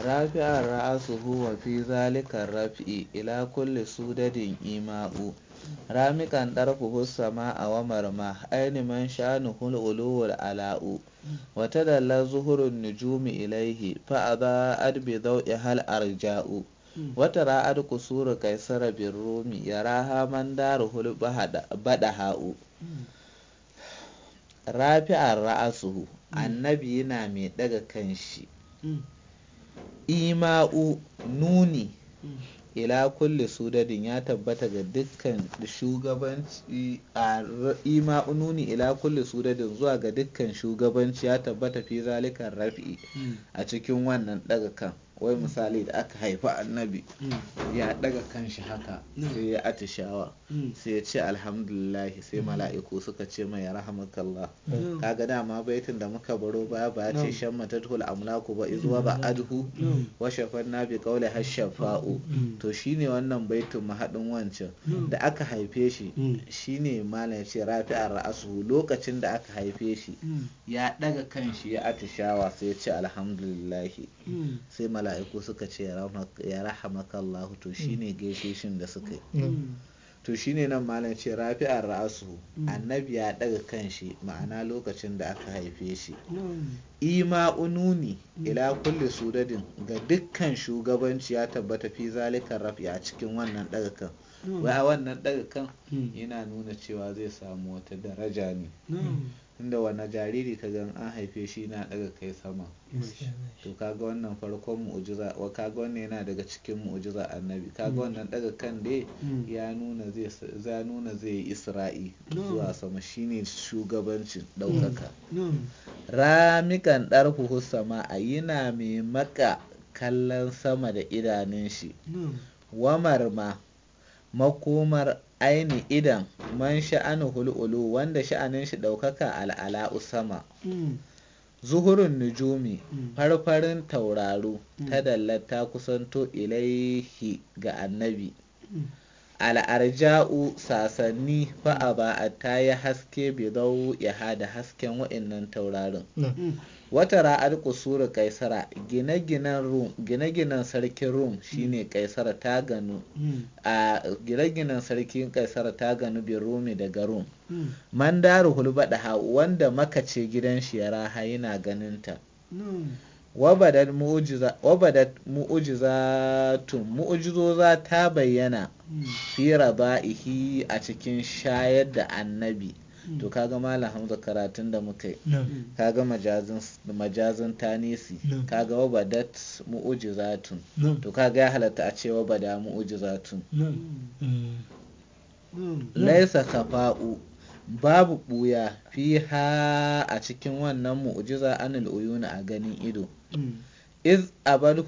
Rafi'ar ra'asu wa fi zalikar raf'i ila kulli sudadin ima'u ramikan ɗarfuhu sama a wamarma ainihin shanuhul uluwul ala'u wata dalla zuhurun nujumi ilaihi fa'aba adbi zau'i hal arja'u wata ra'ad kusuru kaisara bin rumi ya raha man daru daruhul bada ha'u rafi'ar ra'asu annabi yana mai ɗaga kanshi mm. ima'u nuni hmm. ila kulli sudadin ya tabbata ga dukkan shugabanci a ima'u nuni ila kulli sudadin zuwa ga dukkan shugabanci ya tabbata fi zalikan rafi hmm. a cikin wannan ɗaga kan wai misali da aka haifi annabi mm. ya daga kanshi haka mm. sai ya atishawa mm. sai ya ce alhamdulillah sai mala'iku suka ce mai rahamakallah kaga dama baitin da muka baro baya ba ya ce shan matatul amlaku ba izuwa ba adhu wa shafanna bi qawli hashafa'u to shine wannan baitin mahadin wancan da aka haife shi shine malam ya ce rafi'ar ra'asu lokacin da aka haife shi ya daga kanshi ya atishawa sai ya ce alhamdulillah sai mala'iku Aiko suka ce ya rahamaka Allah to mm. shine gaishe shin da suka yi mm. to shine nan malam ce rafi'ar ra'asu mm. annabi ya daga kanshi ma'ana lokacin da aka haife shi ima ununi ila kulli sudadin ga dukkan shugabanci ya tabbata fi zalikan rafi a cikin wannan daga kan wai wannan daga kan yana nuna cewa zai samu wata daraja ne inda wani jariri ka gan an haife shi na daga kai sama to kaga wannan farkon mu'ujiza wa kaga wannan yana daga cikin mu'ujiza annabi kaga wannan daga kan dai mm. ya nuna zai yi isra'i zuwa sama shine shugabancin daukaka mm. ramikan darfuhu sama a yana mai maka kallon sama da idanun shi wamarma makomar aini idan man sha'anu hul'ulu wanda sha'anin shi ɗaukaka al'ala usama. Mm. zuhurun nujumi mm. farfarin tauraro ta mm. dallata kusanto ilaihi ga annabi al'arja'u sasanni fa a ta yi haske bidau ya da hasken wa'innan taurarin mm. wata ra'ar kusuru kaisara gine-ginen sarkin rum shine mm. kaisara ta ganu mm. a gine-ginen sarkin kaisara ta ganu bi rumi daga rum mandaru daru wanda makace gidan shi ya raha yana ganinta wabadat mu'ujizatun mu'ujizoza ta bayyana fi ihi a cikin shayar da annabi to kaga malam hamza karatun da muka yi kaga majazin tanisi kaga wabadat mu'ujizatun to kaga ya halatta a ce wabada mu'ujizatun laisa kafa'u babu ɓuya fi ha a cikin wannan mu'ujiza anil uyuna a ganin ido Mm. iz abal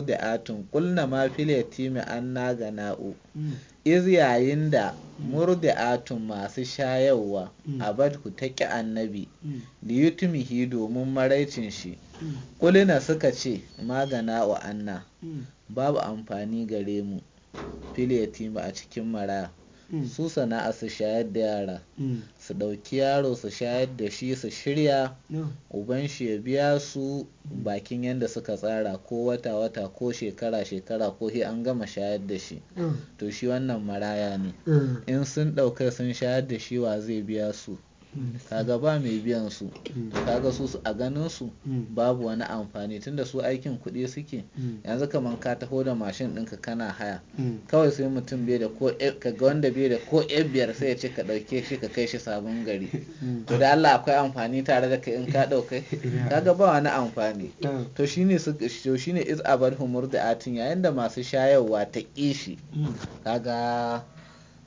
da atun kulna ma fil yatimi anna na'u mm. iz yayin da murdi'atun masu shayarwa mm. abadhu ta ki annabi liyutumihi domin maraicin shi kulina suka ce magana'u anna babu amfani gare mu fil a cikin maraya Mm. su sana'a su shayar da yara mm. su ɗauki yaro su shayar da shi su shirya uban shi ya biya su bakin yadda suka tsara ko wata-wata ko shekara-shekara ko he an gama shayar da shi to shi wannan maraya ne mm. in sun ɗauka sun shayar da shi wa zai biya su kaga ba mai biyan su mm. kaga su a ganin su mm. babu wani amfani tunda su aikin kuɗi suke mm. yanzu kamar ka taho da mashin ɗinka kana haya kawai sai mutum bai da ko eh, ga wanda bai da ko biyar sai ya ce ka ɗauke shi ka kai shi sabon gari to da Allah akwai amfani tare da kai in ka ɗaukai kaga ba wani amfani to shine to shine iz abad humur da atin yayin da masu shayarwa ta kishi kaga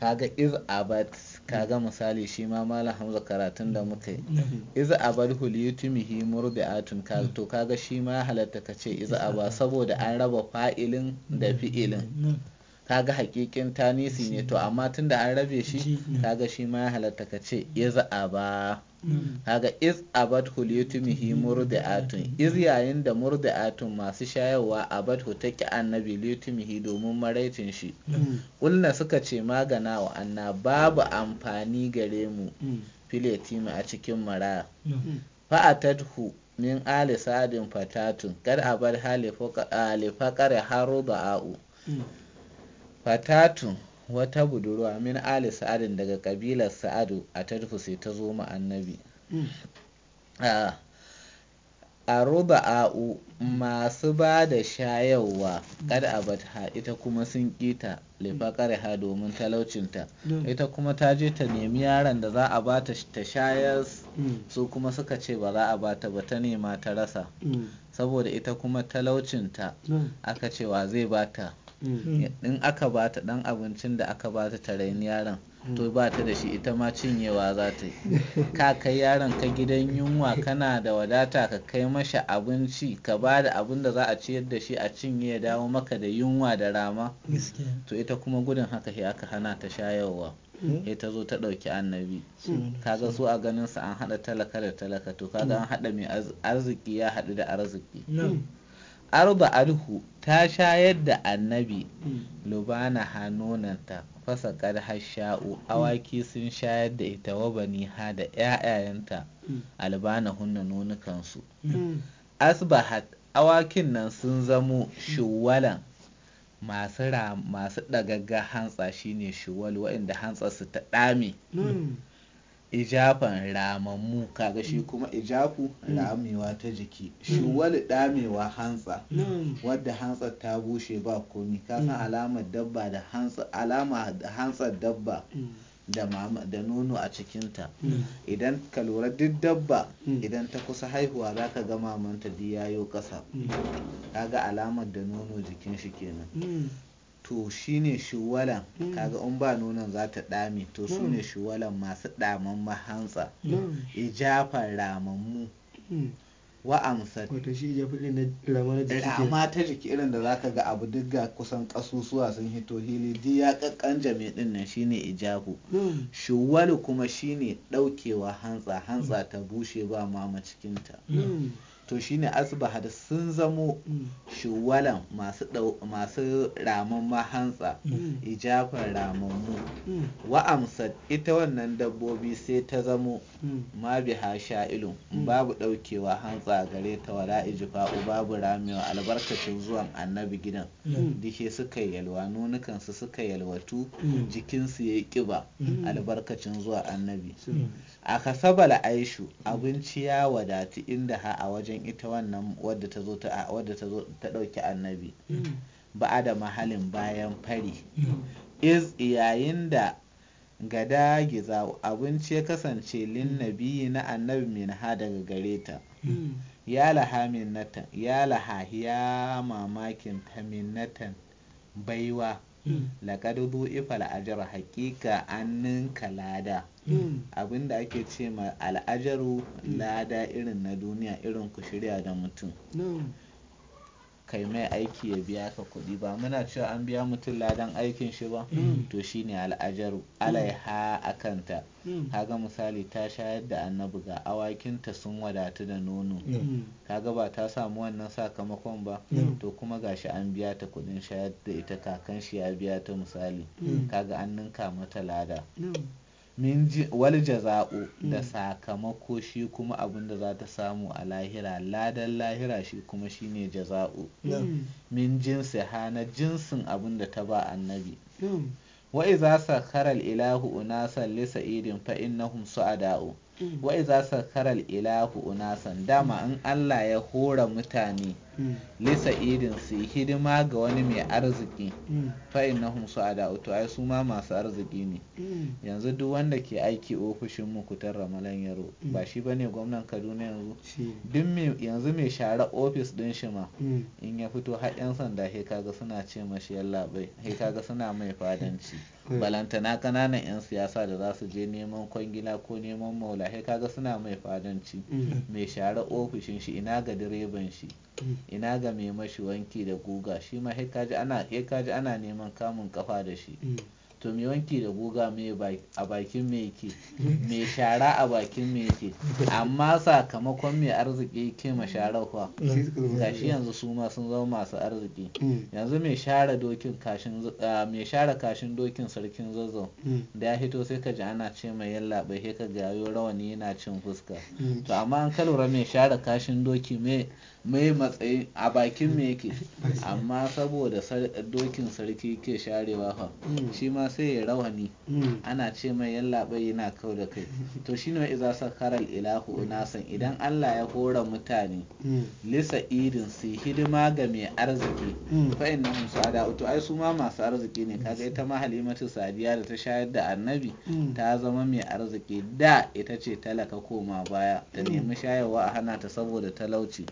kaga iz abad kaga misali shi ma malam hamza karatun da muka yi mm. Mm. iz abad huliyutumihi murdi'atun kaga to kaga shi ma halatta ka ce iz aba saboda an raba fa'ilin da mm. fi'ilin kaga hakikin tanisi ne to amma tunda an rabe shi kaga shi ma ya halatta ka ce iz aba mm. kaga iz abat huliyutumihi murdi'atun iz yayin da murdi'atun masu shayarwa a ta ki annabi liyutumihi domin maraicin shi mm. kulna suka ce magana wa anna babu amfani gare mu mm. filetimi a cikin maraya fa'atadhu min ali sadin fatatun kar bar halifakar haru ba'a'u fatatu wata budurwa min ali sa'adin daga kabilar sa'adu a tarfu ta zo annabi mm. a ruba a'u masu ba da shayarwa kada abadha ita kuma sun kita lifakar mm. ha domin talaucinta mm. ita kuma ta je ta nemi yaron da za a ba ta shayar su kuma suka ce ba za a ba ta ba ta nema ta rasa saboda ita kuma talaucinta aka cewa zai ba ta Mm. in aka bata dan abincin da aka bata ta raini yaron to mm. ba ta da shi ita ma cinyewa za ta yi ka kai yaron ka gidan yunwa kana da wadata ka kai masha abinci ka ba da abin da za a ciyar da shi a cinye ya dawo maka da yunwa da rama to ita kuma gudun haka sai aka hana ta shayarwa ya mm. ta zo ta ɗauki annabi kaga su a ganin sa an haɗa talaka da talaka to kaga an haɗa mai arziki ya haɗu da arziki arba alhu ta shayar da annabi hmm. lubana hannunanta fasa kar hasha'u hmm. awaki sun shayar da ita wa bani ha da ‘ya'yayanta hmm. albana hunna nonukansu asbahat awakin nan sun zamo shuwalan masu ɗagagga hantsa shine shuwal waɗanda su ta ɗame ijafan ramammu kaga shi mm. kuma ijafu mm. ramewa ta jiki mm. shi wani damewa hantsa wadda hantsa ta bushe ba komi kasan alamar dabba da hantsa dabba da nono a cikinta idan ka lura duk dabba idan ta kusa haihuwa za ka ga mamanta duk yayo kaga alamar da nono jikin shi kenan to shine shuwalan hmm. kaga in ba nonon za ta ɗame to su ne hmm. shuwalan masu damar mahantsa ijafar hmm. ramammu wa amsar wato shi ne rama ta jiki irin da zaka ga abu duk ga kusan kasusuwa sun hito hili ji ya kakkan jami din nan shine ijabu shuwalu kuma shine daukewa hantsa hantsa ta bushe ba mama cikinta to shine ne da sun zamo shuwalan masu ramin mahantsa mm. ijafar ramammu mm. wa amsat ita wannan dabbobi sai ta zamo mm. ma biha Sha'ilu? babu daukewa hantsa gare ta wala ijfa'u babu ramewa albarkacin zuwan annabi gidan dike suka yalwa nunukansu suka yalwatu jikinsu ya kiba albarkacin zuwa annabi a kasabal aishu abinci ya wadatu inda ha a wajen wajen ita wannan wadda ta zo ta ɗauki annabi mm. ba'a da mahalin bayan fari mm. iz yayin da gada giza abinci ya kasance lin mm. nabiyi na annabi min ha daga gare ta ya laha minnatan ya laha ya mamakin ta minnatan baiwa laqad ajar ajar hakika ninka annin kalada abinda ake ce ma al'ajaru hmm. lada irin na duniya irin ku shirya da mutum hmm. kai mai aiki ya biya ka kuɗi ba muna cewa an biya mutum ladan aikin shi ba hmm. to shi ne al'ajaru alaiha a kanta hmm. kaga misali ta shayar da annabi ga awakinta sun wadatu da nono hmm. kaga ba ta samu wannan sakamakon ba to kuma gashi an biya ta kuɗin shayar da ita kakan shi ya biya ta misali kaga an ninka mata lada min wal jaza'u hmm. da sakamako shi kuma abin da za ta samu a lahira ladan lahira shi kuma shi shine jaza'u hmm. min jinsi hana jinsin abin da ta ba annabi hmm. wa iza sakara ilahu unasan li sa'idin fa innahum su'ada'u wa iza sakara ilahu unasan dama in Allah ya hora mutane Hmm. lisa idin su hidima ga wani mai arziki hmm. fa'in na hunsu a da'utu ai su ma masu arziki ne hmm. yanzu duk wanda ke aiki ofishin mu kutar ramalan yaro ba shi ba ne gwamnan kaduna yanzu Duk yanzu mai share ofis din shi ma in ya fito har yan sanda he kaga suna ce mashi yallaɓai he kaga suna mai fadanci balantana kananan yan siyasa da za su je neman kwangila ko neman maula he kaga suna mai fadanci mai share ofishin shi ina ga direban shi ina ga mai mashi wanki da guga shi ma ya kaji ana neman kamun kafa da shi mm. to mai wanki da guga a bakin me ke mai shara a bakin me ke amma sakamakon mai arziki ke ma sharar fa ga shi yanzu su ma sun zama masu arziki mm. yanzu mai share kashin dokin sarkin zazzau mm. da ya hito sai ka ji ana ce mai yalla bai sai ka gayo rawani yana cin fuska to amma an kalura mai share kashin doki mai mai matsayin a bakin me yake amma saboda dokin sarki ke sharewa fa mm. shi ma sai ya rawani mm. ana ce mai "Yallabai, yana kau da kai to shi ne iza sakarar ilahu nasan idan allah ya hora mutane mm. lisa irin su hidima ga mai arziki fa inna hum sada to ai su ma masu arziki ne kaga ita ma halimatu sadiya da ta shayar da annabi ta zama mai arziki da ita ce talaka koma baya ta nemi shayarwa a hana ta saboda talauci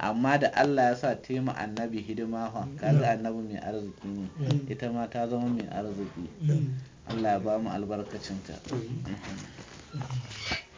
amma da Allah ya sa ta annabi hidima fa kaga annabi mai arziki ne mm. ita ma ta zama mai arziki mm. Allah ya ba mu albarkacinta mm. mm-hmm.